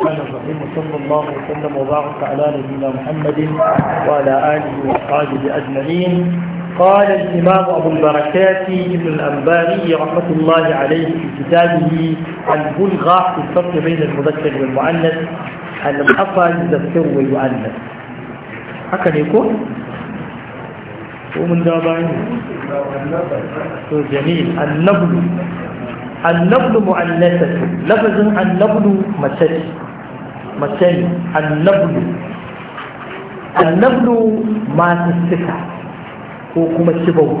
الرحمن الرحيم صلى الله عليه وسلم وبارك على نبينا محمد وعلى آله وأصحابه أجمعين قال الإمام أبو البركات ابن الأنباري رحمة الله عليه في كتابه البلغة في الفرق بين المذكر والمؤنث المحصى يذكر ويؤنث هكذا يكون ومن دابعين جميل النبل النبل مؤنثة لفظ النبل مثل مثل النبل النبل ما تستكى وكما تبو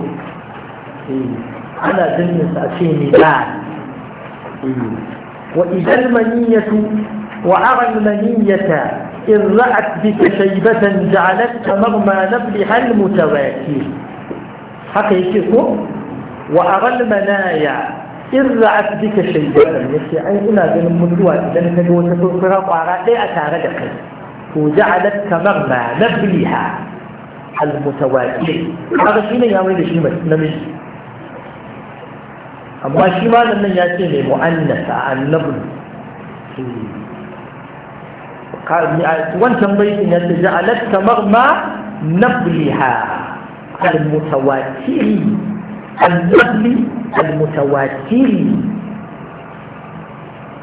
على إيه. جنة أشيني إيه. لا وإذا المنية وأرى المنية إن رأت بك شيبة جعلتك مغمى نبلها المتواكي حقيقي وأرى المنايا in ra'at bika shaytan yace ai ina ganin mutuwa idan ka ga wata kurkura kwara ɗaya a tare da kai to ja'alat kamar ma nabliha al mutawaqi kaga shi ne ya mai da shi namiji amma shi ma nan ya ce mai mu'annasa annabun wancan baitin ya ce ja'alat kamar ma nabliha al mutawaqi النقل المتواتر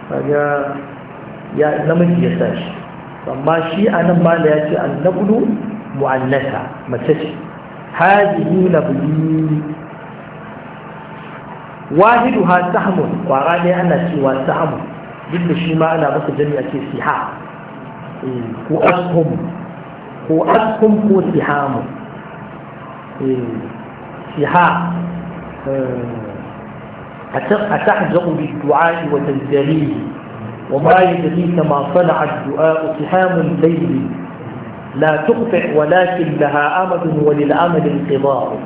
فجاء يا نمج يساش فما شيء أنا ما لا يأتي النقل مؤنثة ما تشي هذه نبلي واحدها سهم وراني أنا سوى سهم duk shi ما أنا بس جميع ke إيه. هو أسهم هو أسهم هو سهام sihamu إيه. siha أتحزق بالدعاء وتزدريه وما يدريك ما صنع الدعاء سهام الليل لا تقطع ولكن لها أمد وللأمد انقضاء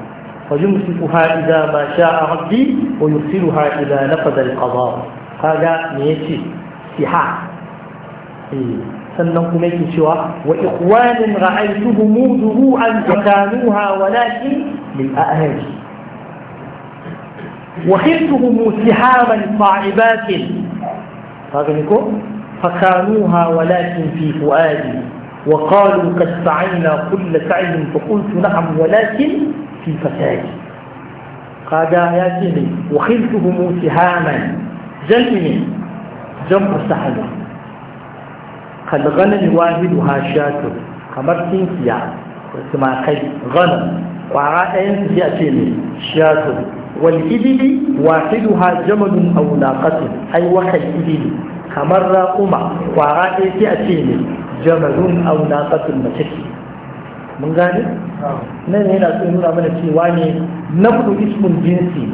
فيمسكها إذا ما شاء ربي ويرسلها إذا نفذ القضاء هذا ميتي سحاء إيه. سنقوم kuma yake وإخوان رأيتهم دروعا فكانوها ولكن للأهل وخذتهم سحابا صاعبات فكانوها ولكن في فؤادي وقالوا قد سعينا كل سعي فقلت نعم ولكن في فسادي قال يا سيدي وخذتهم سهاما جمع جمع سحبة قد غنم واحدها شاة كما سينسيا كما كي غنم وعاء يأتيني شاة والإبل واحدها جمل أو ناقة أي وحي الإبل كما الراقمة وعائلة أتيني جمل أو ناقة متكي من قال نحن هنا سنقول من السيواني نبدو اسم جنسي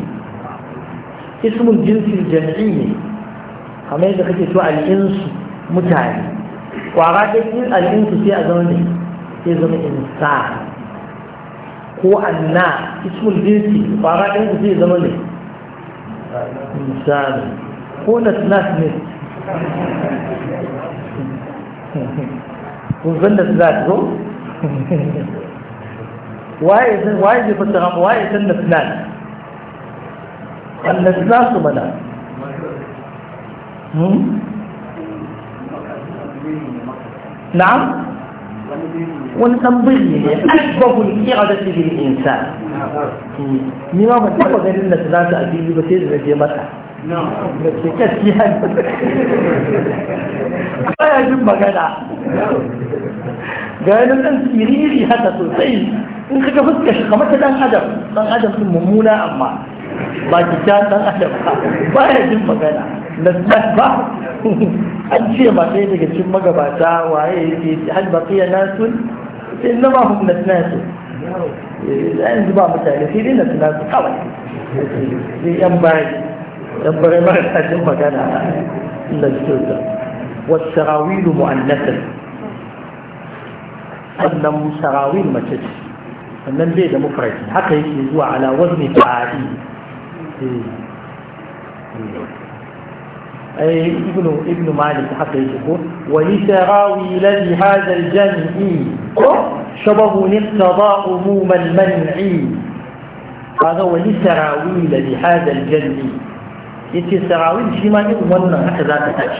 اسم الجنس الجمعي كما يدخل يتوى الإنس متعلي وعائلة الإنس في أزمني في أزمن إنسان هو أن اسم الجنس فقط أنت في زمني إنسان هنا ناس نت وزن الثلاث هو واي واي دي فتغام واي زن الثلاث أن الثلاث منا نعم wani ɗan birni ne asbahul iradati lil insan ni ma ban taɓa ganin da za su a ba sai da je mata. masa da ke gaskiya baya jin magana ga yanin ɗan siriri haka sosai in kaga fuskar shi kamar ta ɗan adam ɗan adam sun mummuna amma ba ki ta dan adam ba ba ya jin magana na san ba an ce ma sai daga cikin magabata waye yake hal baqiya nasun innama hum nasnasu yanzu ba mutane sai dai nasnasu kawai sai yan bayi yan bayi ba ta jin magana da su da wasarawilu mu'annasan sannan sarawil mace ce sannan bai da mufradi haka yake zuwa ala wazni fa'ali أي ابن ابن مالك حتى يقول ولتراوي الذي هذا الجمع إيه؟ شبه اقتضى عموم المنع هذا ولتراوي الذي هذا الجمع إيه؟ انت سراويل شيء ما يقولون هكذا تتش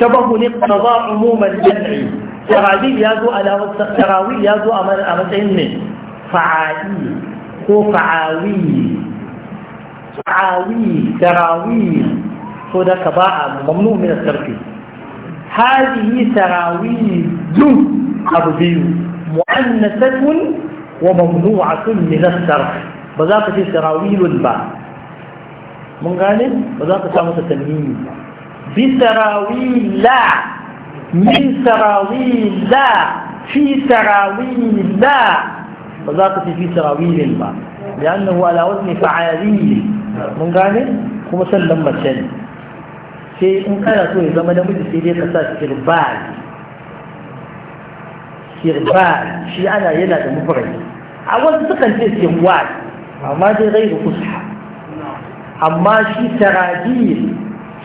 شبه اقتضى عموم المنع سراويل يازو على سراويل يازو امر امر فعالي هو فعاوي تعاويذ تراويذ فذاك باع ممنوع من التركيز هذه تراويذ أرضي مؤنثة وممنوعة من الترك بذاك في تراويل با من قال بذاك سامة تنميم بتراويل لا من تراويل لا في تراويل لا بذاك في تراويل با لأنه على وزن فعالي من قال كما سلم مثل شيء إن كان سوى إذا ما نمت سيدي قصاص سربال سربال شيء أنا يلا مفرد أول تقل في سروال أما دي غير فصحى أما شيء سراجيل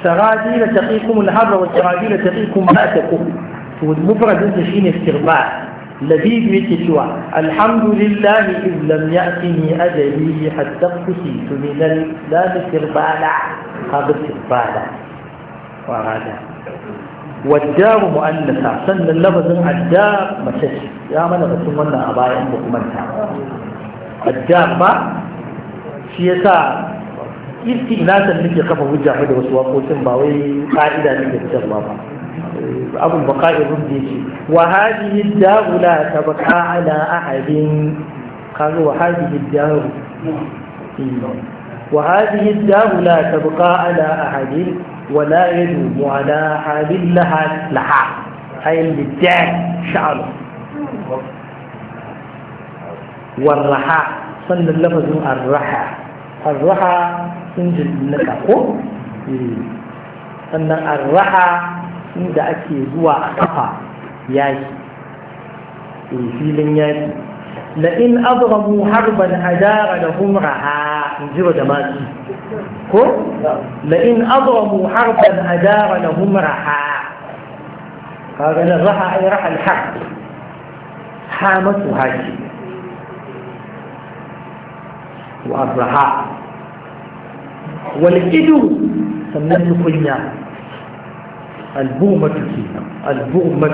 سراجيل تقيكم الهر والسراجيل تقيكم بأسكم والمفرد أنت شيء استربال labib yake cewa alhamdulillah iz lam ya'tini ajali hatta kusitu min al-lam tirbala hadu tirbala wa hada والدار مؤنثة سن اللفظ الدار مشش يا من بسم الله أبايا أمك من الدار ما شيسا istignatar nake kafa hujja da wasu waƙoƙin ba wai ƙa'ida ne da ba abu baka irin da yake ta baka ala ta baka ala ahadin wala ya dumu laha laha warraha sannan lafazin arraha arraha inda ake zuwa a kafa yaki in filin yaki Na in abramu harban adara da humraha in ji wa jama'a ko Na in abramu harban adara da humraha kaga na raha ai raha alhaq hamatu haji wa arraha wal idu sannan tukunya البومة فيها البومة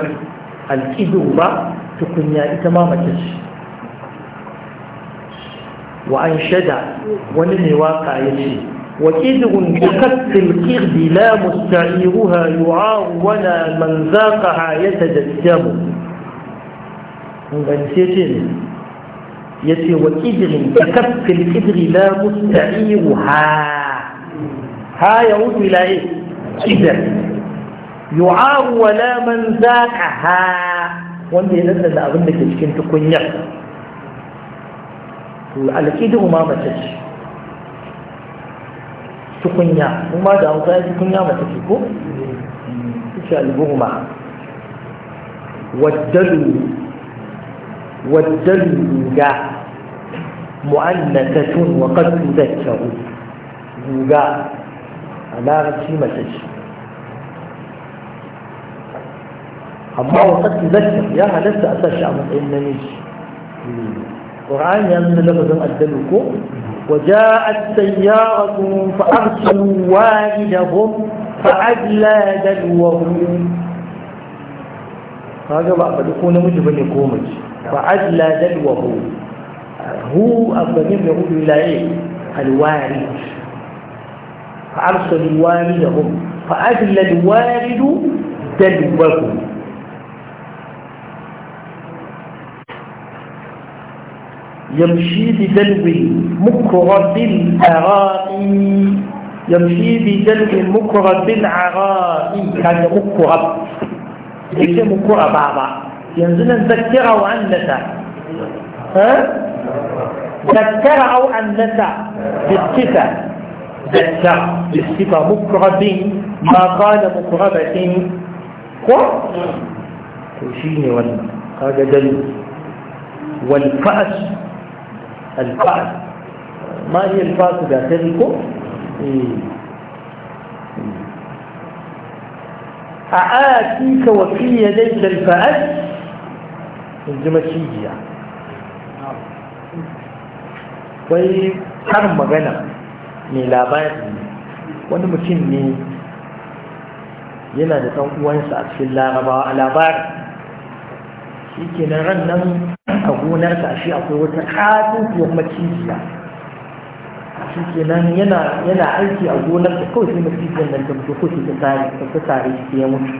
الكذوبة تكون تماما تشي وأنشد ولن واقع يشي وكذب بكف القرد لا مستعيرها يعار ولا من ذاقها يتجسم يتي وكذب بكف القدر لا مستعيرها ها يعود إلى إيه؟ كذب yu'aru wala man zaqaha wanda ya lalla da abin da ke cikin tukunyar to alƙidu ma mace ce tukunya kuma da hausa ya tukunya mace ce ko ce al-buhma waddalu waddalu ga mu'annatatun wa qad tudakkaru ga a larabci mace ce الله قد tuzakir يا halatta a من إنني matsayin namiji ƙur'an ya nuna وجاءت سيارة فأرسلوا والدهم فأدلى دلوهم هذا بقى فلقون مجبن يقومج فأدلى دلوه هو أبنين يقول إلى الوالد فأرسلوا والدهم فأدلى الوالد دلوهم يمشي بدلو مكرة الأراء يمشي بدلو مكرة العراء كان مكرة ليس مكرة بعضا ينزل ذكر أو أنثى ها ذكر أو أنثى بالصفة ذكر بالصفة مكرة ما قال مكربة وشيني ولا هذا دلو والفأس alfa'al ma hiya alfasu da ta riko a atika wa fi yadayka alfa'al in ji macijiya wai karin magana mai labari wani mutum ne yana da ɗan uwansa a cikin larabawa a labarin yake na ran nan a gonarsa shi akwai wata katutuwar macijiya shi ke nan yana aiki a gonarsa kawai sai macijiyar nan ta mutu ko ta tare ta tare shi ya mutu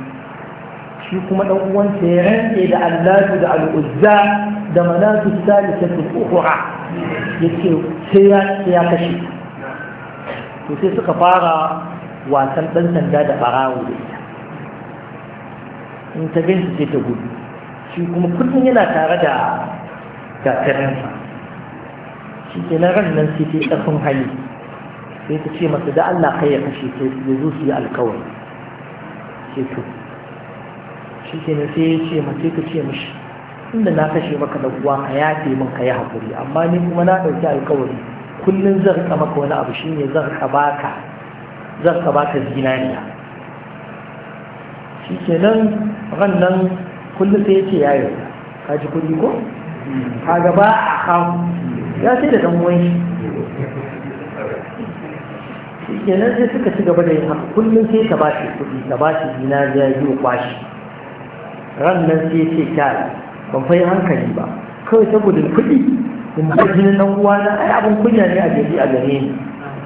shi kuma ɗan uwansa ya rantse da allahu da al'uzza da manatu salisatul ukhra yace sai ya sai ya kashe to sai suka fara wasan dan sanda da barawo da ita in ta ganci sai ta gudu shi kuma kullum yana tare da gafirinsa shi ke na ran nan sai ta ƙarfin hali sai ta ce masa da Allah kai ya kashe ta ya zo su yi alkawari sai to shi ke na sai ya ce ma sai ta ce mashi inda na kashe maka da uwa ka yafe min ka yi haƙuri amma ni kuma na ɗauki alkawari kullum zan riƙa maka wani abu shine zan riƙa baka zan riƙa baka zinariya shi ke nan ran nan kullum sai yace ya yarda ka ji kuɗi ko ka gaba a kawo ya sai da ɗan uwan shi kenan sai suka ci gaba da yin haka kullum sai ka ba shi kuɗi ka ba shi yi wa kwashi ran nan sai ce kyara ban fai hankali ba kawai saboda kuɗi in ba jinin ɗan na? ai abin kunya ne a jeji a gare ni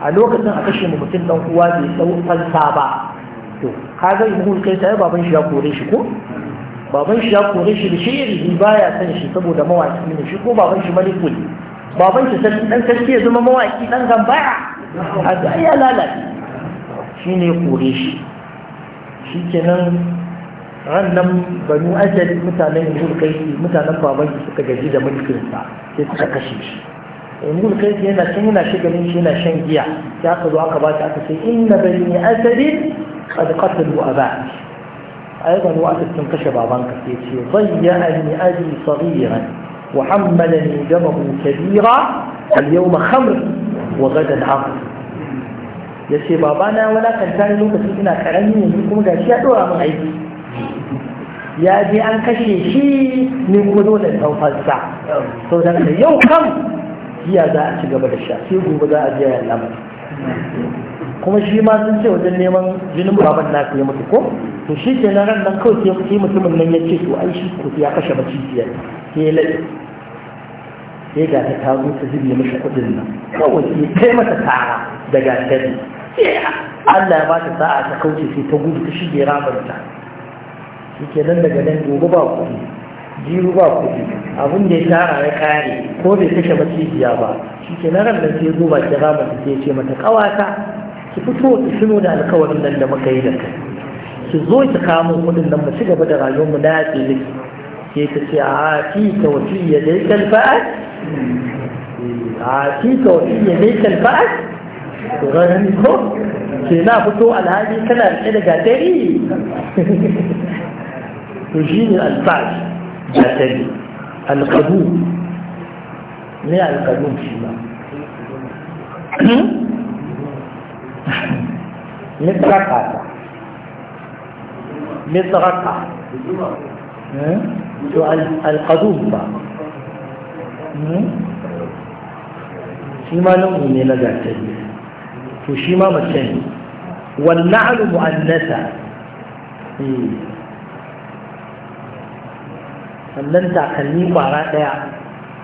a lokacin a kashe mu mutum ɗan uwa bai ɗau fansa ba to ka ga ibn kai yi baban shi ya kore shi ko baban shi ya kore shi da shiri baya san shi saboda mawaki ne shi ko baban shi maliku ne baban shi dan sarki ya zama mawaki dan gambara a ga ya lalace shi ne kore shi shi kenan ran nan banu asali mutanen yanzu kai mutanen baban shi suka gaji da mulkin sa sai suka kashe shi yanzu kai yana can yana shigalin shi yana shan giya ya aka zo aka ba shi aka ce inna bani asali qad qatalu abaki ai banu asad sun kashe babanka Yace ce zayyani abi saghiran wa hammalani damahu kabira al-yawma khamr wa ghadan yace babana walakanta ni lokacin ina karami yanzu kuma gashi ya dora min aiki ya je an kashe shi ne kuma dole tsaufarsa sau da yau kam jiya za a ci gaba da sha sai gobe za a je ya lamar kuma shi ma sun ce wajen neman jinin baban na ya mutu ko to shi ke na nan kawai sai mutumin nan ya ce to ai shi ko ya kashe macijiyar sai ke laɗe sai ga ta tazo ta zube mishi kudin nan kawai sai kai mata tara daga gari Allah ya bata sa'a ta kauce sai ta gudu ta shige ta shi ke nan daga nan gobe ba kuɗi jiru ba kuɗi abin da ya tara ya kare ko bai kashe macijiya ba shi ke nan nan sai zo ba ki ta sai ya ce mata ƙawata ki fito ki tuno da alkawarin nan da muka yi da kai ki zo ki kamo kuɗin nan mu ci gaba da rayuwar mu na tsili sai ta ce a fi ka wasiyya dai kalfa'at a fi ka wasiyya dai kalfa'at ranar ko ke na fito alhali kana rike da gatari to shi ne alfash gatari alkadu ne alkadu shi ba misraka misraka hmm? to alƙadun ba hmm? shi ma lungu ne na gatari to shi ma mace ne والنعل مؤنثة eh. sannan takalmi kwara ɗaya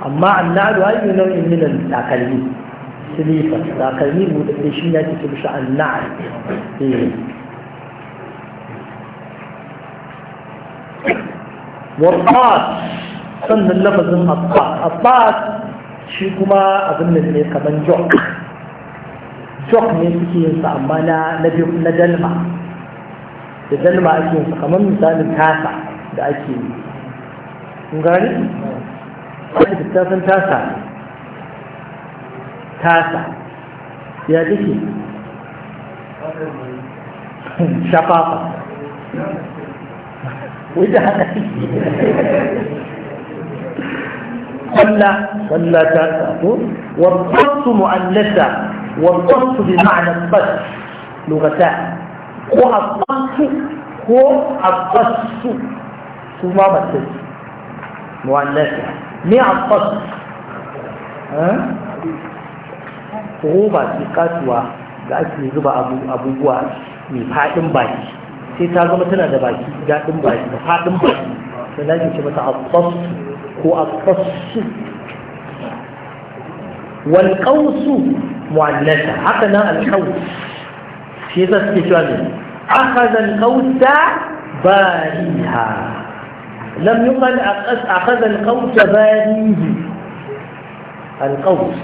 amma annalu ayyu nau'in min takalmi silifa takalmi buɗaɗɗe shi ne ake ce mishi anna'a والطاس سن اللفظ الطاس الطاس shi kuma abin da ne kamar jok jok ne suke yin sa amma na dalma da dalma ake yin sa kamar misalin tasa da ake yi kun gani? Wani da tasan tasa ne تاسع يا ذكي شقاقة ودانا صلى صلى تاسع والبص مؤنثة والبص بمعنى البص لغتان هو البص هو ما سمامة مؤنثة مع البص ها؟ roba ce kasuwa da ake zuba abubuwa mai faɗin baki sai ta zama tana da baki daɗin baki da faɗin baki sai na ce mata abbas ko abbasu wal qawsu mu'allata haka nan al qaws shi yasa suke cewa ne akhadha al qawsa bariha lam yuqal akhadha al qawsa barihi al qaws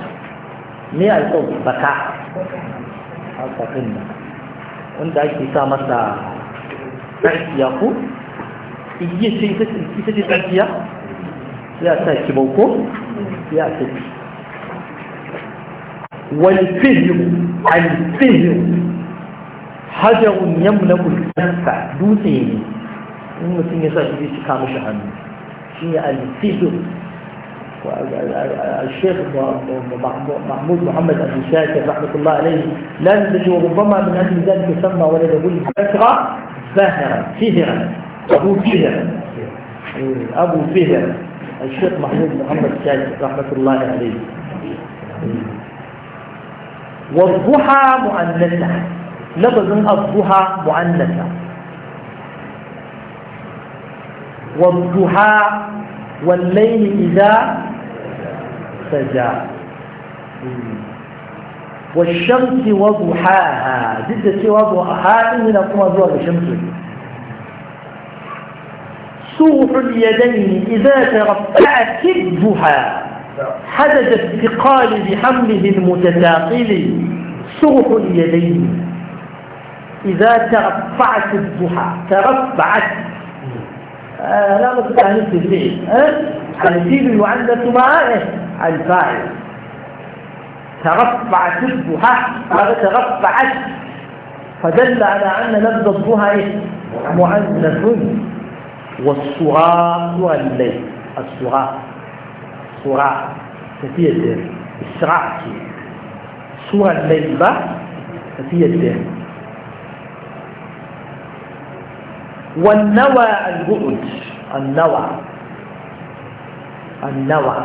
yi ko baka a ɗin nan wanda ake sa masa tsarkiya ko iya ce ita ce tsarkiya sai a sa bauko ko sai a tafi walfihiyu alfihiyu hajarun na ulkansa dutse ne in mutum ya sa shi shi kama shi hannu shi ne alfihiyu الشيخ محمود محمد أبو شاكر رحمة الله عليه لم وربما من أجل ذلك سمى ولده الكسرى فهرا فهرا أبو فهرا أبو فهرا الشيخ محمود محمد شاكر رحمة الله عليه والضحى مؤنثة لفظ الضحى مؤنثة والضحى والليل إذا سجى والشمس وضحاها شيء وضحاها إننا كما زوال الشمس سوح اليدين إذا ترفعت الضحى حدد اتقال بحمله المتثاقل سوح اليدين إذا ترفعت الضحى ترفعت آه، لا مصدر آه؟ عن التدريب الفيل إيه؟ يعنت مع الفاعل ترفع شبهة هذا ترفعت فدل على أن لفظ الضحى إيه؟ مؤنث والصغاء والليل الصغاء صغاء كثير الصغاء صغاء الليل كثير والنوى البؤد النوى النوى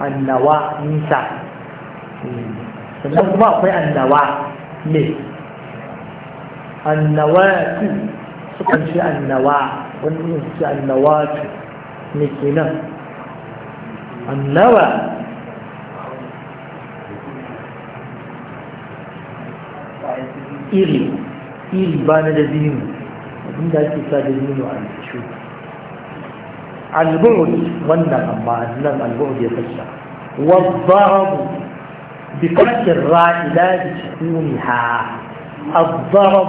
النوى نساء النوى في النوى ليه النوى سكن في النوى ونسى النوى نسينا النوى إلي إلي بان الذين البعد والنغم والضرب بفتح الراء لا بسكونها الضرب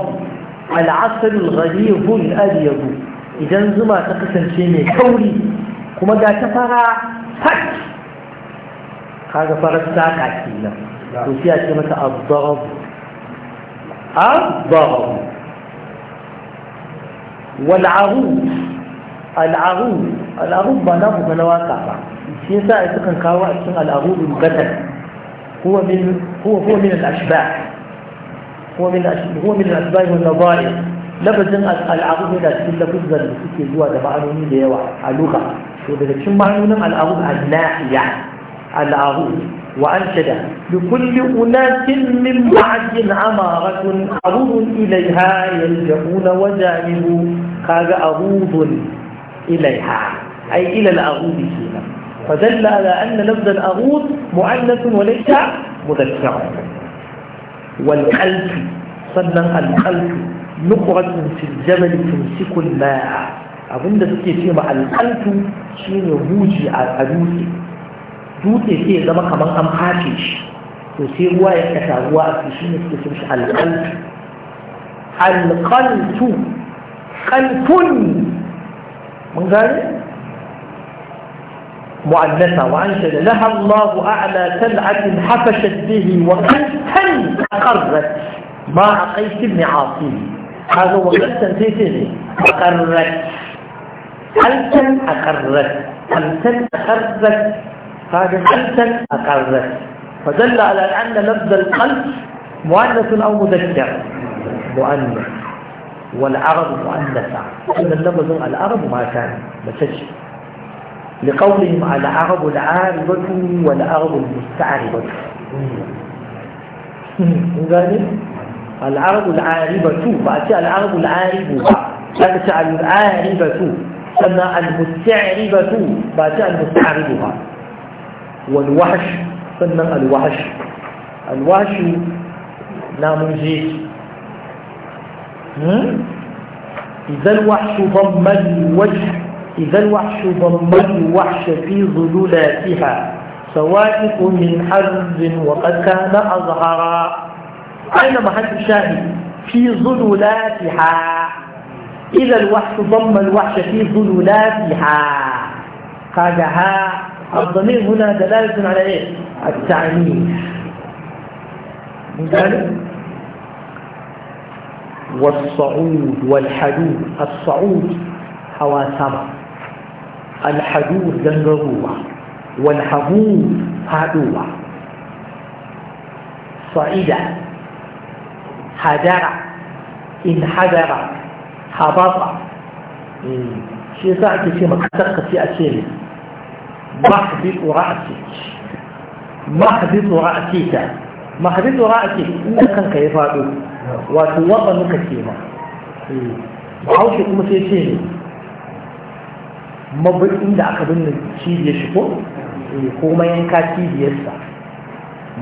العصر الغليظ الابيض اذا انزما تقسم شيء كوري كما جاء تفرع فك هذا فرق ساقع كينا نعم. وفيها كلمة الضرب الضرب والعروض العروض العروض بناه بنواقع سينسى اتقن كاوا اتقن العروض المقدم هو من هو هو من الاشباح هو من الاشباح هو من الاشباح والنظائر لبزن العروض اذا تكون لفظا لكي تجوى دبعانوني ليوا علوغا وذلك شمعنونم العروض الناحية العروس وأنشد لكل أناس من بعد عمارة عروض إليها يلجؤون وجانبوا قال عروض إليها أي إلى العروض فينا فدل على أن لفظ العروض مؤنث وليس مذكرا والقلب صلى القلب نقرة في الجبل تمسك الماء أظن تكي فيما القلب شين يبوجي على الأدوث dutse sai ya zama kamar an fashe shi to sai ruwa ya kasa ruwa a cikin shi ne suke sun shi alƙaltu alƙaltu ƙalfun mun gane مؤنثة وأنشد لها الله أعلى سلعة حفشت به وقلتا أقرت مع قيس بن عاصم هذا وقلتا تيتني أقرت قلتا أقرت قلتا أقرت هذا أنت أقرت فدل على أن لفظ القلب مؤنث أو مذكر مؤنث والعرب مؤنثة إذا اللفظ العرب ما كان مسجد لقولهم العرب العارضة والعرب المستعربة ذلك العرب العاربة فأتي العرب العاربة فأتي العاربة سنة المستعربة فأتي المستعربة. والوحش فن الوحش الوحش namun إذا الوحش ضم الوجه إذا الوحش ضم الوحش في ظلولاتها سوائق من حرز وقد كان أظهرا أين محل الشاهد في ظلولاتها إذا الوحش ضم الوحش في ظلولاتها قالها الضمير هنا دلالة على إيه؟ التعنيف مثال والصعود والحدود الصعود هوا سما الحدود دنجروة والحبود هادوة صعيدة حذر انحدر هبط إيه. شيء ساعة كثيرة تقف في أسئلة محبط رأسك محبط رأسك محبط رأسك إنك كان كيف هذا وتوضى مكتيمة بحوش كما سيشيني مبعين دا أكبرنا شيء يشكو ko mayanka cibiyarsa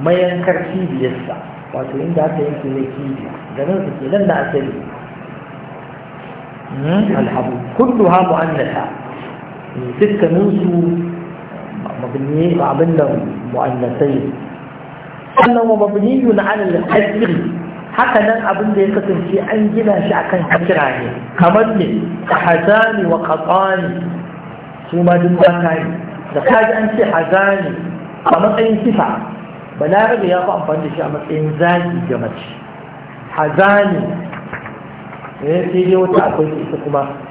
mayankar cibiyarsa wato inda aka yanke ne cibiya garin su ke nan da asali alhabu kullu ha mu'annata dukkaninsu mabni abin nan mu'annasai sannan wa mabniyun ala al-hasri haka nan abin da ya kasance an gina shi akan hasira ne kamar ne hazani wa qatani su ma ba ta yi da kaji an ce hazani a matsayin sifa balarabe ya fi amfani da shi a matsayin zaki ga mace hazani إيه،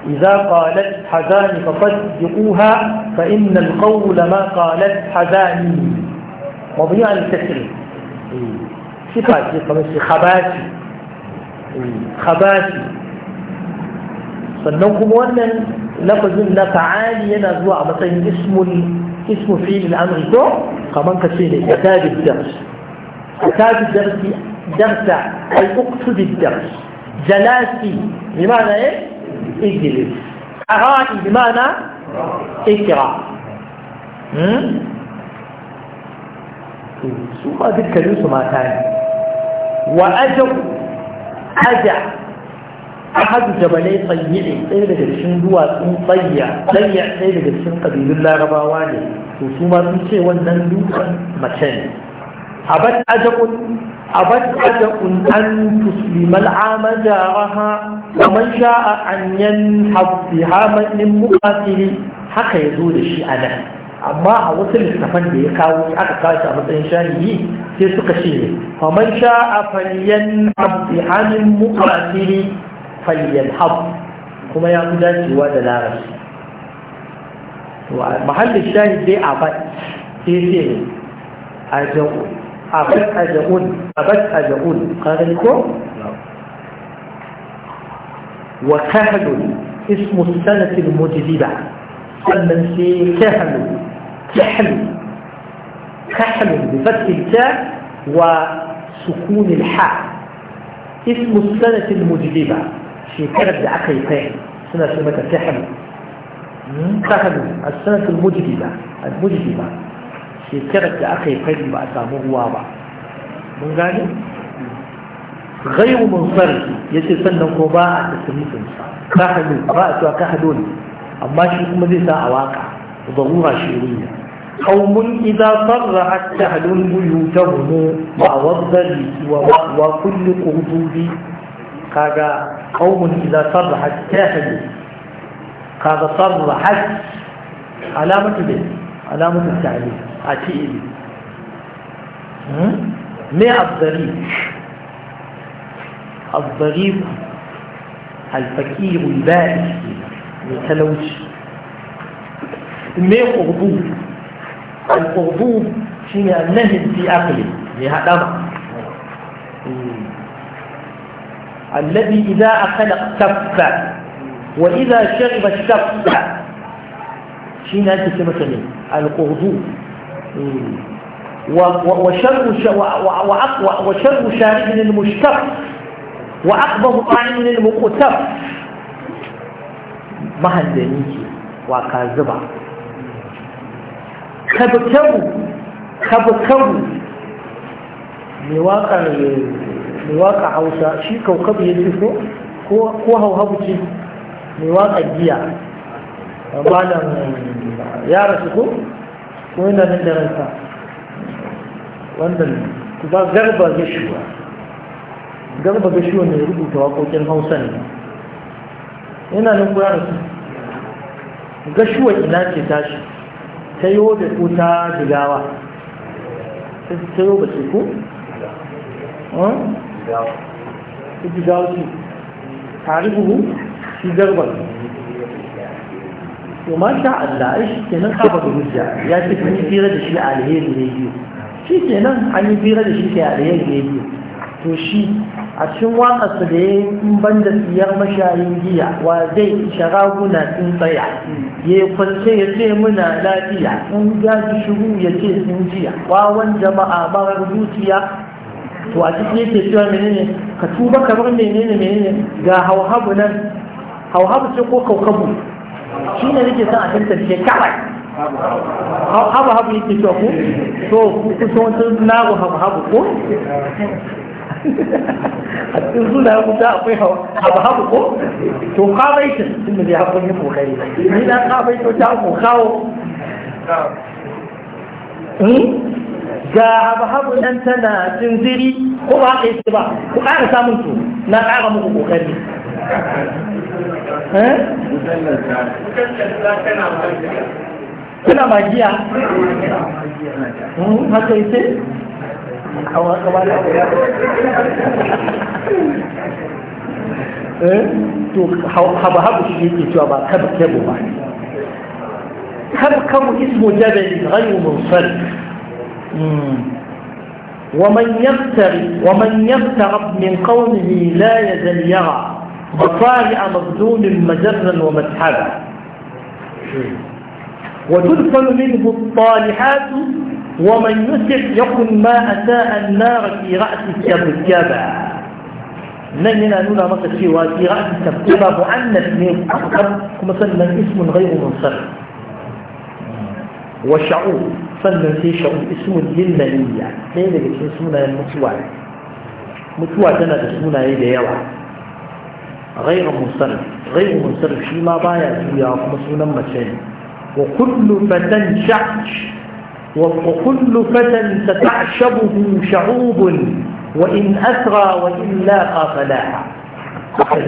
إذا قالت حزاني فصدقوها فإن القول ما قالت حزاني مضيع التسري شفاتي إيه، خمسي خباتي خباتي فنوكم وانا لفظ نفعالي ينا زوا مثلا اسم اسم فيل الامر تو كمان كسيني كتاب الدرس كتاب الدرس درس اي اقصد الدرس جلاسي بمعنى ايه اجلس قرائي بمعنى اقرا su ma dukkanin su mata ne wa ajau aja ahadu jabalai tsayi'i ɗaya daga cikin duwatsun tsayya tsayya ɗaya daga cikin ƙabilun larabawa ne to su ma sun ce wannan dutsen mace ne abad ajabun. abadda in an tuslimal amal jaraha kamar sha a anyan hafi hamadin mukafiri haka ya zo da shi a nan amma a wasu littafan da ya kawo shi aka kawo a matsayin shahiyi sai suka ce kamar sha a fanyan hafi hamadin mukafiri fanyan hafi kuma ya fi dacewa da larabci to a mahallin shahid dai abad sai sai a jan'o أبقى جعون أبقى جعون قال وكهل اسم السنة المجذبة فمن في كهل كحل كحل بفتح التاء وسكون الحاء اسم السنة المجذبة في كرد عقيقين سنة سمكة كحل كحل السنة المجذبة المجذبة shekarar da aka yi fari ba a samu ruwa ba mun gane gairu munsar ya ce sannan ko ba a tasirifinsa ka hado ba a cewa ka hado ne amma shi kuma zai sa a waka zarura shiriya قوم إذا صرحت تهلل بيوتهم وعوض وكل قردود كذا قوم إذا صرحت تهلل كذا صرحت علامة ذلك علامة التعليم عتيل ما الضريب الضريب الفكير البائس متلوش ما قرضوب القرضوب شنع النهد في أقله لهذا ما الذي إذا أخل اقتفى وإذا شرب اقتفى شنع أنت سمسني القرضوب وشر وشر شارب المشتف واقبض طعام المقتف ما هندنيك وكاذبا كبكو كبكو نواقع نواقع حوشا شي كوكب يدفو كو كو هو هو شي نواقع جيا بعد يا رسول ko yana nan da ransa wannan ba garba shiwa garba shiwa ne rubuta waƙoƙin hausa ne yana nan ko su ga shiwa ina ce tashi ta yi wadda ko ta jigawa ta yi wadda ce ko? jigawa ce tarihu shi garba ne to ma sha Allah ai shi kenan kafa da hujja ya ce kun yi fira da shi a alheri ne biyu shi kenan an yi fira da shi ke alheri ne biyu to shi a cikin waƙarsa da ya yi ban da siyar mashayin giya wa zai sharaguna sun tsaya ya yi kwance ya ce muna lafiya sun gaji shiru ya ce sun jiya wawan jama'a marar zuciya to a cikin yake cewa menene ka tuba kamar menene menene ga hauhabu nan hauhabu ce ko kaukabu shi ne nake son a tantance kawai habu habu yake cewa ko to kusa wata nago habu habu ko a cikin suna guda akwai abu habu ko to kawai shi sun da ya kun kokari ni na kawai to ta ku kawo hmm? ga abu nan tana tunziri ko ba ka yi ba ku ƙara samun su na ƙara muku ƙoƙari kuna magiya haka yi ce a wata ba to haba habu shi yake cewa ba kaba kebo ba kaba kabo ismu jabal ghayru munsalif ومن يبتغي ومن يبتغب من قومه لا يزل يرى مطارئ مظلوم مجرا ومسحبا وتدخل منه الصالحات ومن يسح يكن ما أتاء النار في رأس الكابة لننا نونا مصر في وفي رأس الكابة معنف من أفكار مثلا اسم غير منصر وشعور sannan sai sha'u ismun ليه لك اسمنا cikin sunayen mutuwa اسمنا tana da غير منصرف غير منصرف شيء ما بايع فيها مسؤولا مشين وكل فتى شعش وكل فتى ستعشبه شعوب وإن أسرى وإلا قافلاها أحد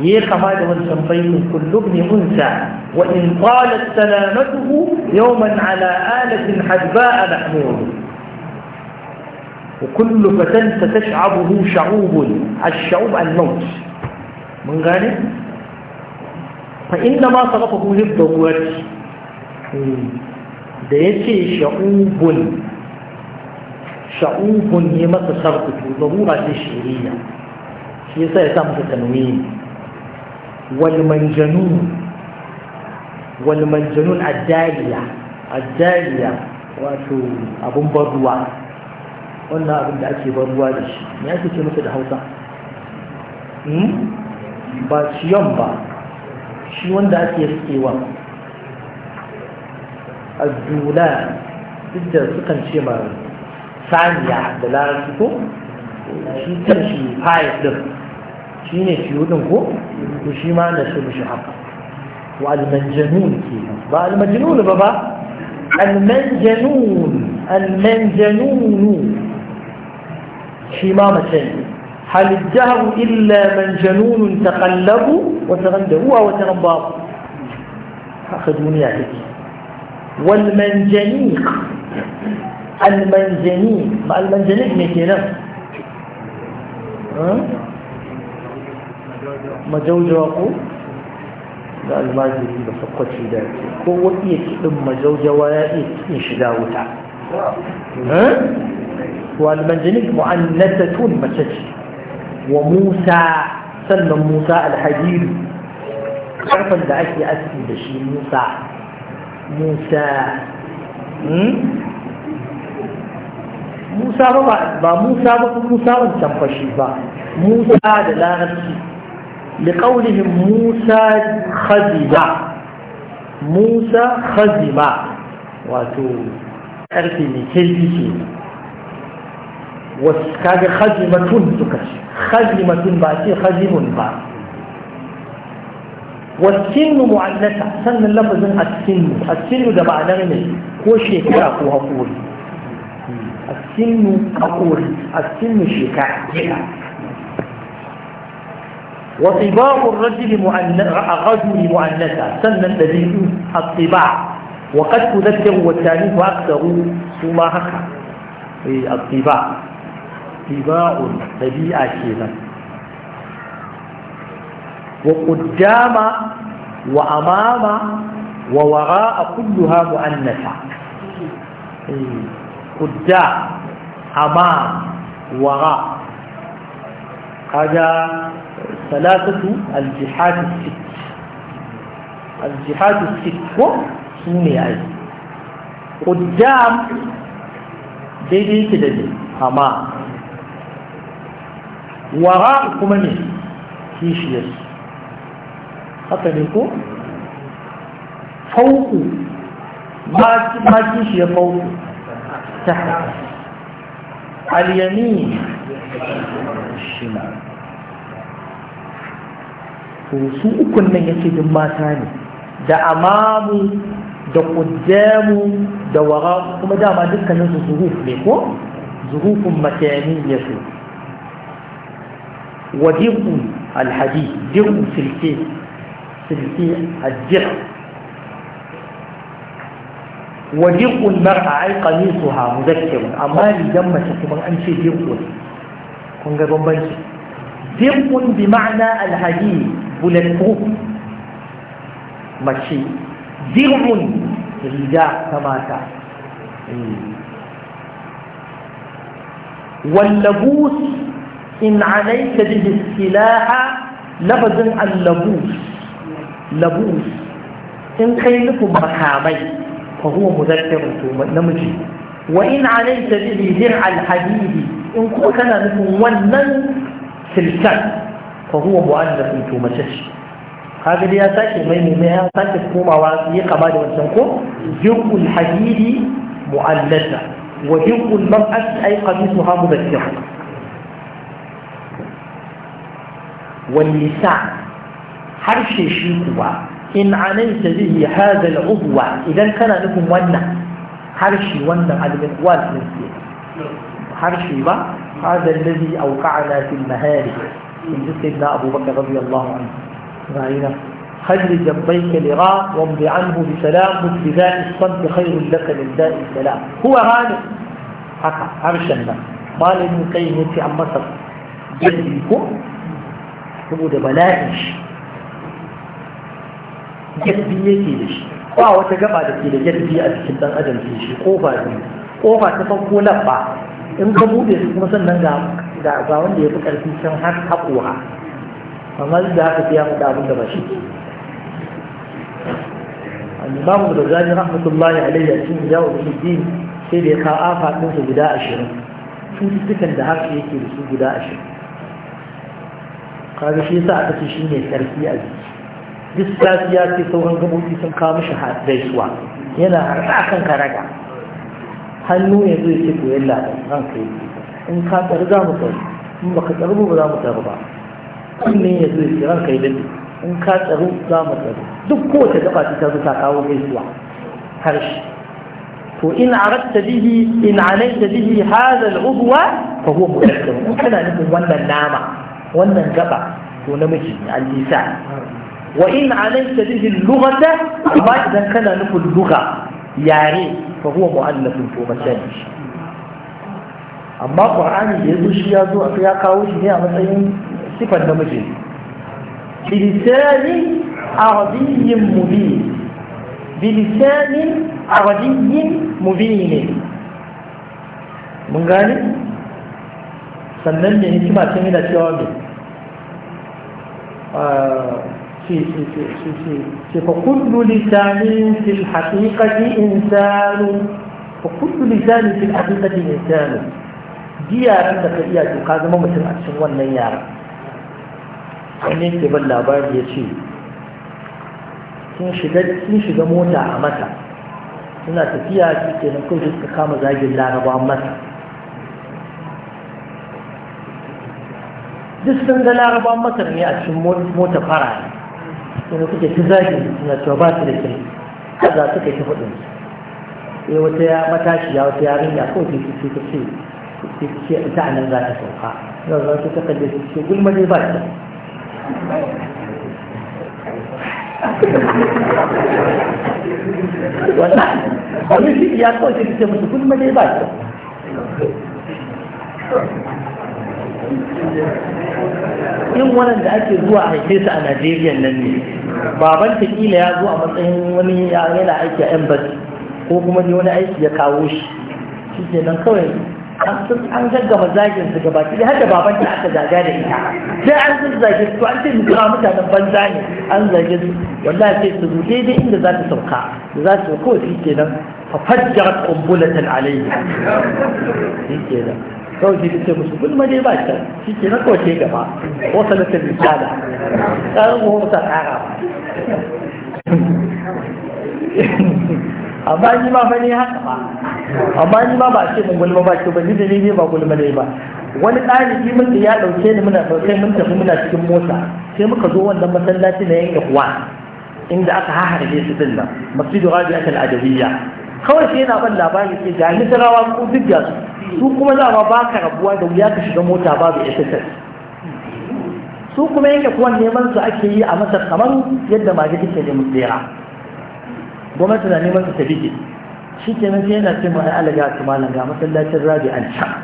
يقما من سنطيق كل ابن أنثى وإن طالت سلامته يوما على آلة حدباء محمود وكل فتى ستشعبه شعوب الشعوب الموت من غالب فإنما صرفه للضرورة da ya شعوب sha'ubun sha'ubun ne masa sarkutu zarura ce shiriya shi yasa ya sa masa tanwini والمنجنون والمنجنون الدالية الدالية واتو ake بروا قلنا أبن دعكي بروا ليش ما يكتب مثل هوتا ba ciyon ba shi wanda ake rikewa azula duk da sukan ce ma saniya da larabci ko shi kan shi din shi ne fiyudin ko to shi ma na shi mishi haka wa almanjanun ke ba almanjanun ba ba almanjanun almanjanunu shi ma mace wa هل wa wa من akhad تقلب hiki wal أخذ al والمنجنيق ma al المنجنيق مكينا kenan majaujawa ko da almajiri ba sakwaci da ke kowa iya kiɗin majaujawa ya iya shiga wuta والمنجنيك مؤنثة متج وموسى سلم موسى الحديد عرفا ده أكي أسكي ده شي موسى موسى موسى بابا با موسى بابا موسى وانتم فشي با موسى ده لا غنسي لقولهم موسى خزم موسى خزم واتو أرثي لكيفي وكاد خزمة تكش خزمة باتي خزم با والسن معنثة سن اللفظ السن السن ده معناه ne هو shekara ko السن أقول السن shekara وطباع الرجل الرجل مؤنثا سن الذي الطباع وقد تذكر والتاريخ أكثر ثم هكا إيه، الطباع طباع طبيعة كذا وقدام وأمام ووراء كلها مؤنثة إيه، قدام أمام وراء هذا ثلاثة الجهات الست الجهات الست سمي أي يعني. قدام ديدي كده أمام وراء كمني يس حتى نقول فوق ما ما كيش يفوق تحت اليمين الشمال su ukun nan yake duk mata ne da amamu da kujjamu da wara kuma dama dukkanin su zuhuf ne ko zuhufun matani ya su wa dirku alhadi dirku silke silke a wajibun mar a aikani su ha muzakkiru amma idan mace kuma an ce jibun kun ga bambanci jibun bi ma'ana mace jibun riga ta mata eh. wallabus in anai ta ji silaha lafazin allabus labus in kai nufin makamai فهو مذكر نمجي وإن عليك به درع الحديد إن كان نكون ونن سلسان فهو مؤنث تومسش هذا اللي يساكي ميمو ميها ساكي كوما واسي قبالي وانسانكو درع الحديد مؤنثة ودرع المرأة أي قميصها مذكرة والنساء harshe shi kuwa إن عنيت به هذا العضو إذا كان لكم ونة حرشي ونة على المقوال من فيه حرشي بقى هذا الذي أوقعنا في المهارب من سيدنا أبو بكر رضي الله عنه رأينا خل جنبيك لغا وامض عنه بسلام بذاء الصمت خير لك من داء السلام هو غالب حقا حرشا بقى قال ابن قيم في عن مصر جديكم تبود بلائش gasbi yake da shi ba wata gaba da ke da gasbi a cikin dan adam ke shi kofa ne kofa ta farko labba in ka bude su kuma sannan ga ga wanda ya fi karfi can har hakuwa amma duk da haka sai ya faɗa abin da ba shi al-imamu da zani rahmatullahi alayhi a cikin jawo da sai da ya kawo afa su guda ashirin cututtukan da haka yake da su guda 20 kaga shi yasa aka ce shine sarki a jiki duk safiya ce sauran gabobi sun kawo mishi gaisuwa yana harsa a kan karaga hannu ya zo ya ce to yalla da ran kai in ka tsari za mu tsari in ba ka tsari ba za mu tsaro ba kunne ya zo ya ce ran kai dade in ka tsaro za mu tsaro. duk kowace gaba ta zo ta kawo gaisuwa harshe to in aratta bihi in alaita bihi hadha al-udwa fa huwa mudakkar kana nufin wannan nama wannan gaba to namiji ne al-lisan وإن عليك به اللغة ما إذا كان له اللغة يعني فهو مؤلف في مسائل أما القرآن يزوش يزوع في أقاوش هي مثلا صفة نمجي بلسان عربي مبين بلسان عربي مبين من قال سنن من كما تنين الشعب آه فكل لسان في الحقيقة إنسان فكل لسان في الحقيقة إنسان ديار لك إياه تقاضى ما مثل أكشن والنيار wani ke ban labari ya ce sun shiga mota a mata suna tafiya su ke nan kawai suka kama zagin laraba mata duk sun ga laraba masar ne a cikin mota fara ne sai kuke ta zagi suna cewa ba su da kyau kaza suka yi ta faɗi sai wata ya matashi ya wata yarinya ko ke ce ta ce ce ita a nan za ta sauka yau za su ta kalle su ce gulma dai ba ta wannan abin shi ya kawai ta ce musu gulma dai ba ta in wannan da ake zuwa a haife su a najeriya nan ne baban kila ya zo a matsayin wani yana aiki a embassy ko kuma ne wani aiki ya kawo shi shi ke nan kawai an gaggama zagin su gaba ki har da baban ta aka zaga da ita sai an zage su an ce mutum mutanen banza ne an zage su wallahi sai su zo daidai inda za ta sauka da za su kawai shi ke nan fafajjar kumbulatan alayhi shi ke nan kawai da ce musu gulma dai ba ta shi ke na kawace gaba ko na tafi sada tsarin kuma wata tsara amma ni ma fa haka ba amma ni ma ba ce mun gulma ba ce ba ni da ni ne ba gulma ne ba wani ɗalibi mun da ya ɗauke ni muna ɗauke mun tafi muna cikin mota sai muka zo wannan masallaci na yanka kuwa inda aka haharge su din nan masjidu rabi'atul adawiyya kawai sai yana ban labari ke ga misrawa ko duk da su kuma za ba ka rabuwa da wuya ka shiga mota babu SSS su kuma yake kuwan neman su ake yi a masar kamar yadda ma mage take da mutsira gwamnati na neman su ta bige shi ke nan yana ce mana alaga su malam ga masallacin rabi an can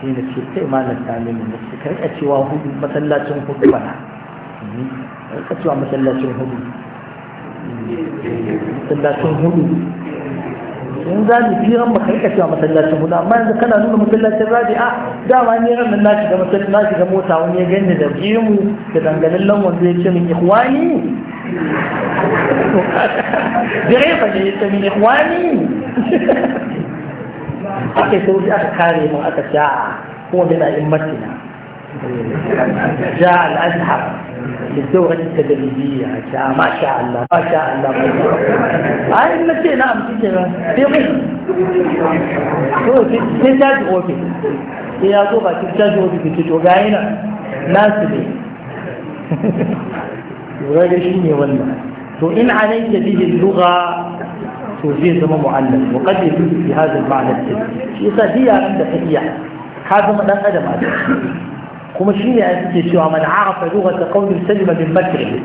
shi ne ce sai malam ta nemi ne ka karka cewa hudu masallacin hudu hmm? ka karka cewa masallacin hudu masallacin hudu in za mu fi ran baka ka cewa masallacin hudu amma yanzu kana nuna masallacin rabi'a dama ne ran nan na shiga masallacin na shiga mota wani ya gani da gemu da dangalin lamwan zai ce min ikhwani direba ne ya ce min ikhwani ake sauki aka kare mu aka sha kuma in a'immatina جاء الأزهر للدورة التدريبية جاء ما شاء الله ما شاء الله هاي المشي نعم كده في قسم هو تنتج في هي طبعا تنتج هو في تتوقعينا ناس دي وغير شيء ولا تو إن عليك به اللغة توزيع زمان معلم وقد يكون في هذا المعنى التدريب يصير في عندك هي هذا ما دام أدم kuma shi ne a suke cewa man arafa lura ta kaunin salima bin bakri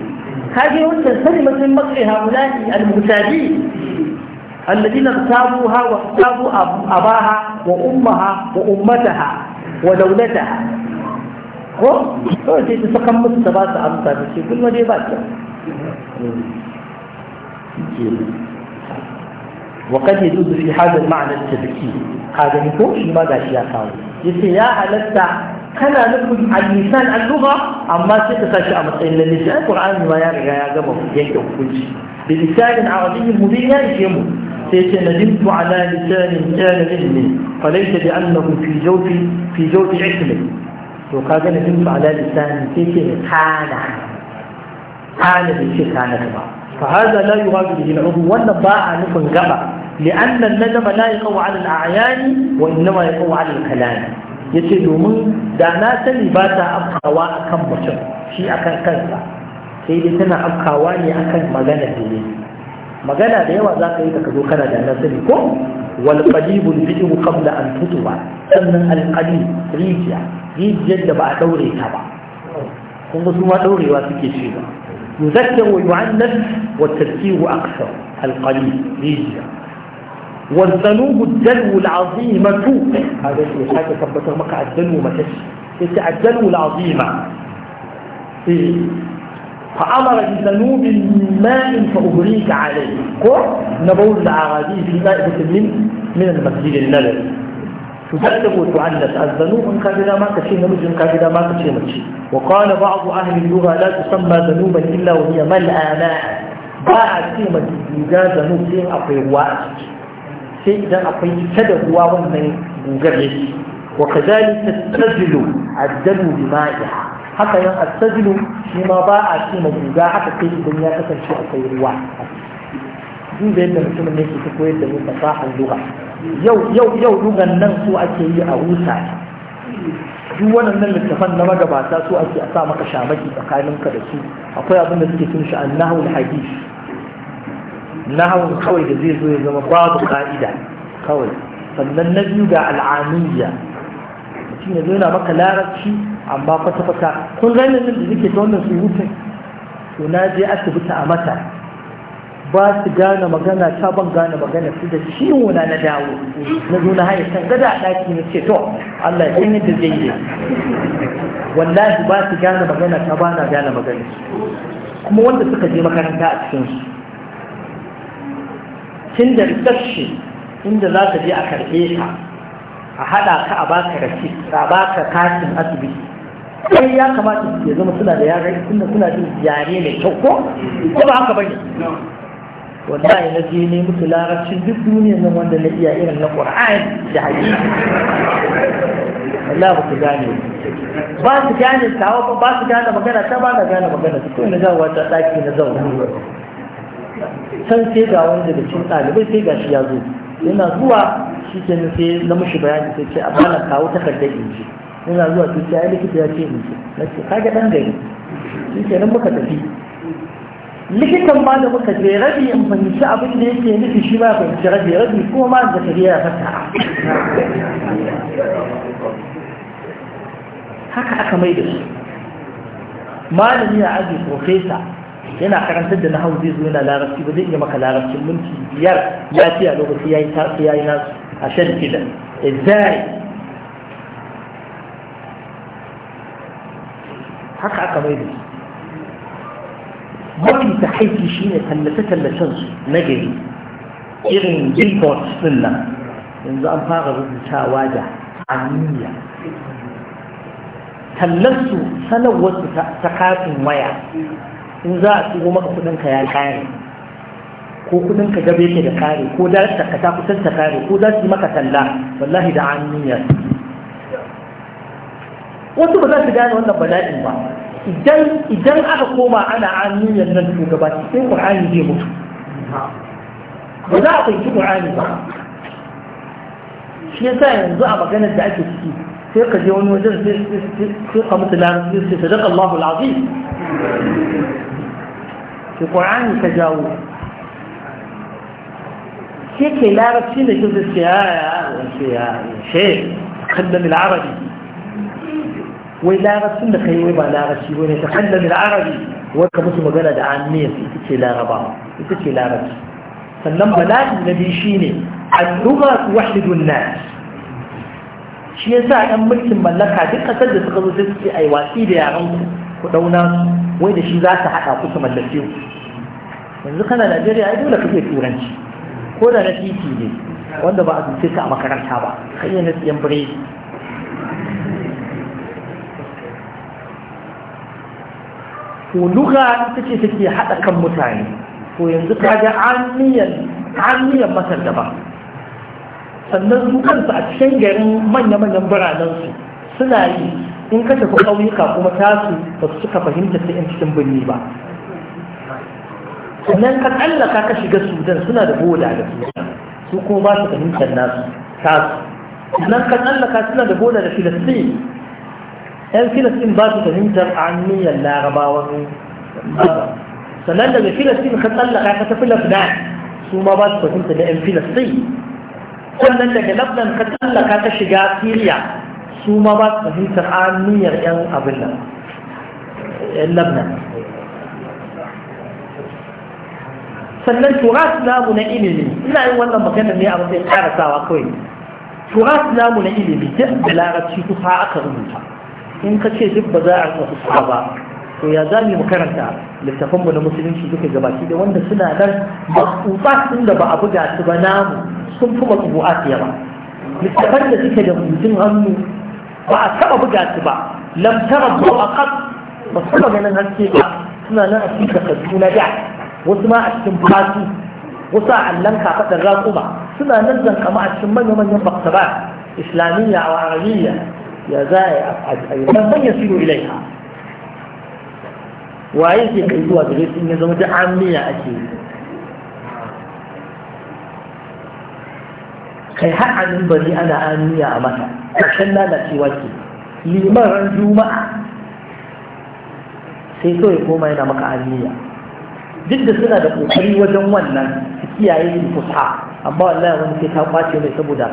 kaje wancan salima bin bakri haulani al-mutadi الذين wa واغتابوا أباها وأمها وأمتها ودولتها ko kawai sai su sakan musu ta ba su amsa da ce kuma dai ba kyau وقد يجوز في هذا المعنى التذكير هذا نكون شيء ما يا قاوي يسي يا هلسة kana nufin al-lisan al-lugha amma sai ka sashi a matsayin lisan Qur'ani ba ya riga ya gama yake hukunci bi lisanin arabiyyi mubin ya ishe mu sai ce nadimtu ala lisanin kana ilmi laysa bi annahu fi jawfi fi jawfi ilmi to kaga nadimtu ala lisanin sai ce kana kana bi shi kana ba fa hada la yuradu لا al-udhu العضو ولا باع نفن gaba لأن الندم لا يقوى على الأعيان وإنما يقوى على الكلام ya ce domin da na sani ba ta afkawa a kan mutum shi a kan kansa sai dai tana afkawa ne a kan magana da ne magana da yawa za ka yi daga zo kana da na sani ko walƙalibun fi'u da an ba sannan alƙali rijiya rijiyar da ba a ɗaure ta ba kun ga su ma ɗaurewa suke ce ba yuzakkar wa yu'annas wa tarkihu aksar alƙali rijiya والذنوب الدلو العظيمة هذا شيء حاجة ثبت المقع الدلو ما تشي الدلو العظيمة إيه؟ فأمر الذنوب ماء فأهريك عليه قر نبول العراضي في مائدة من من المسجد النبوي تكذب وتعنت الذنوب إن كان ما تشي نمج إن كان ما تشي نمج وقال بعض أهل اللغة لا تسمى ذنوبا إلا وهي ملآ ماء باع سيما ذنوب سيما أقوى sai idan akwai ita da ruwa wannan gugar yake wa kazalika tajlu addalu bima'iha haka nan asajlu shi ma ba a ce ma guga haka sai idan ya kasance akwai ruwa duk da yadda mutumin ne ke koyar da mu fasahar lugha yau yau yau lugan nan so ake yi a rusa duk waɗannan littafan na magabata su ake a sa maka shamaki tsakaninka da su akwai abin da suke tun shi annahu al-hadith Na hau kawai da zai zo ya zama babu ka'ida kawai sannan na biyu ga al'amiyya mutum ya zo yana maka larabci amma kwata-kwata kun gane nan da nake ta wannan surutun to na je asibiti a mata ba su gane magana ta ban gane magana su da ciwo na na dawo na zo na haya can gada a ɗaki na ce to Allah ya san da zai yi wallahi ba su gane magana ta ba na gane magana kuma wanda suka je makaranta a cikinsu tun da rikashi inda za ka je a karɓe ka a haɗa ka a baka rafi a baka kashin asibiti sai ya kamata ya zama suna da yare tunda suna jin yare mai kyau ko ko ba haka bane wallahi na je ne musu larabcin duk duniyar nan wanda na iya irin na qur'ani da hadisi wallahi su gane ba su gane tawa ba su gane magana ta ba na gane magana su ko na gawa ta daki na zauna san sai ga wani daga cikin ɗalibai sai ga shi ya zo yana zuwa shi ke sai na mushi bayani sai ce amma na kawo takardar inji yana zuwa sai ce likita ya ce ni na ce ga ɗan gari shi ke nan muka tafi likitan ma da muka je rabi in fahimci abin da yake nufi shi ma fahimci rabi rabi kuma ma da kariya ya fata haka aka mai da su malami ya aji profesa yana karantar da nahawu zai zo yana larabci ba zai iya maka larabcin minti biyar ya ce a lokaci ya yi tafi ya yi nasu a shan kila izai haka aka mai da mafi ta haifi shi ne tallace-tallacen su na gari irin billboard din nan yanzu an fara rubutawa da aniya tallarsu sanarwar ta katin waya in za a turo maka kudin ka ya kare ko kudin ka gabe yake da kare ko da ka ta kusan ta kare ko za su yi maka talla wallahi da an niyyar wasu ba za su gane wannan bala'in ba idan idan aka koma ana an niyyar nan to gaba cikin qur'ani zai mutu ba za a fahimci qur'ani ba shi yasa yanzu a maganar da ake ciki sai ka je wani wajen sai ka mutu larabci sai sadaka Allahu al-azim في القرآن تجاوز شيك العرب شين يشوف الشيعة آه، آه، آه، شيء تقدم العربي ولا رسول لك يوبا لا أعرف شيء ونتقدم العربي وكبس مجالة دعانية تتشي لا ربا تتشي لا رسول sannan bala'in na biyu shi ne al'umma wahidun na shi ya sa ɗan mulkin mallaka duk ƙasar da suka zo sai suke aiwatsi wai da shi za ta haɗa ku su mallake ku yanzu kana najeriya ai dole ka iya turanci ko da na titi ne wanda ba a zuce ka a makaranta ba ka iya na tsiyan biredi ko luga ita ce take haɗa kan mutane ko yanzu ka ga amiyan masar ba. sannan su kansu a cikin garin manya-manyan biranensu suna yi in ka tafi ƙauyuka kuma tasu ba su suka fahimta ta yan cikin birni ba sannan ka tsallaka ka shiga sudan suna da boda da sudan su kuma ba su fahimtar nasu tasu sannan ka tsallaka suna da boda da filistin yan filistin ba su fahimtar aniyar larabawan sannan daga filistin ka tsallaka ka tafi lebanon su ma ba su fahimta da yan filistin sannan daga lebanon ka tsallaka ka shiga syria su ma ba su fahimtar aniyar 'yan abin nan 'yan labnan sannan turas namu na ilimi ina yin wannan maganar ne a matsayin karasawa kawai turas namu na ilimi duk da larabci kusa aka rubuta in ka ce duk ba za a rubuta kusa ba to ya za mu karanta littafinmu na musulunci duka gabaki da wanda suna nan makufa sun da ba a buga su ba namu sun fi makubu'at ba. littafan da suke da rubutun hannu ba a taba buga su ba lam tara ko a ba su taba ganin haske ba suna nan a cikin kaduna da wasu ma a cikin wasu a allon kafaɗar raƙuma suna nan zankama a cikin manya-manyan maktaba islamiyya a arabiyya ya za a yi nan manya siro waye ke kai zuwa gare in ya zama da amiya ake yi kai har a bari ana aniya a mata ƙarshen lalacewa ke liman ran juma'a sai so ya koma yana maka aniya duk da suna da ƙoƙari wajen wannan su kiyaye su kusa amma wallahi wani sai ta kwace mai saboda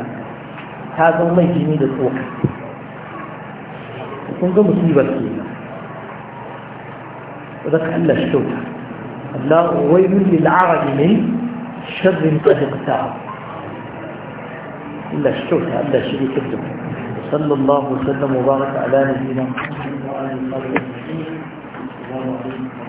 ta zama mai jini da tsoka kun ga musibar ke wadda ka Allah shi kyauta Allah wai lil arabi min sharrin da kusa. إلا الشوكة إلا شيء كده صلى الله وسلم وبارك على نبينا محمد وعلى آله وصحبه أجمعين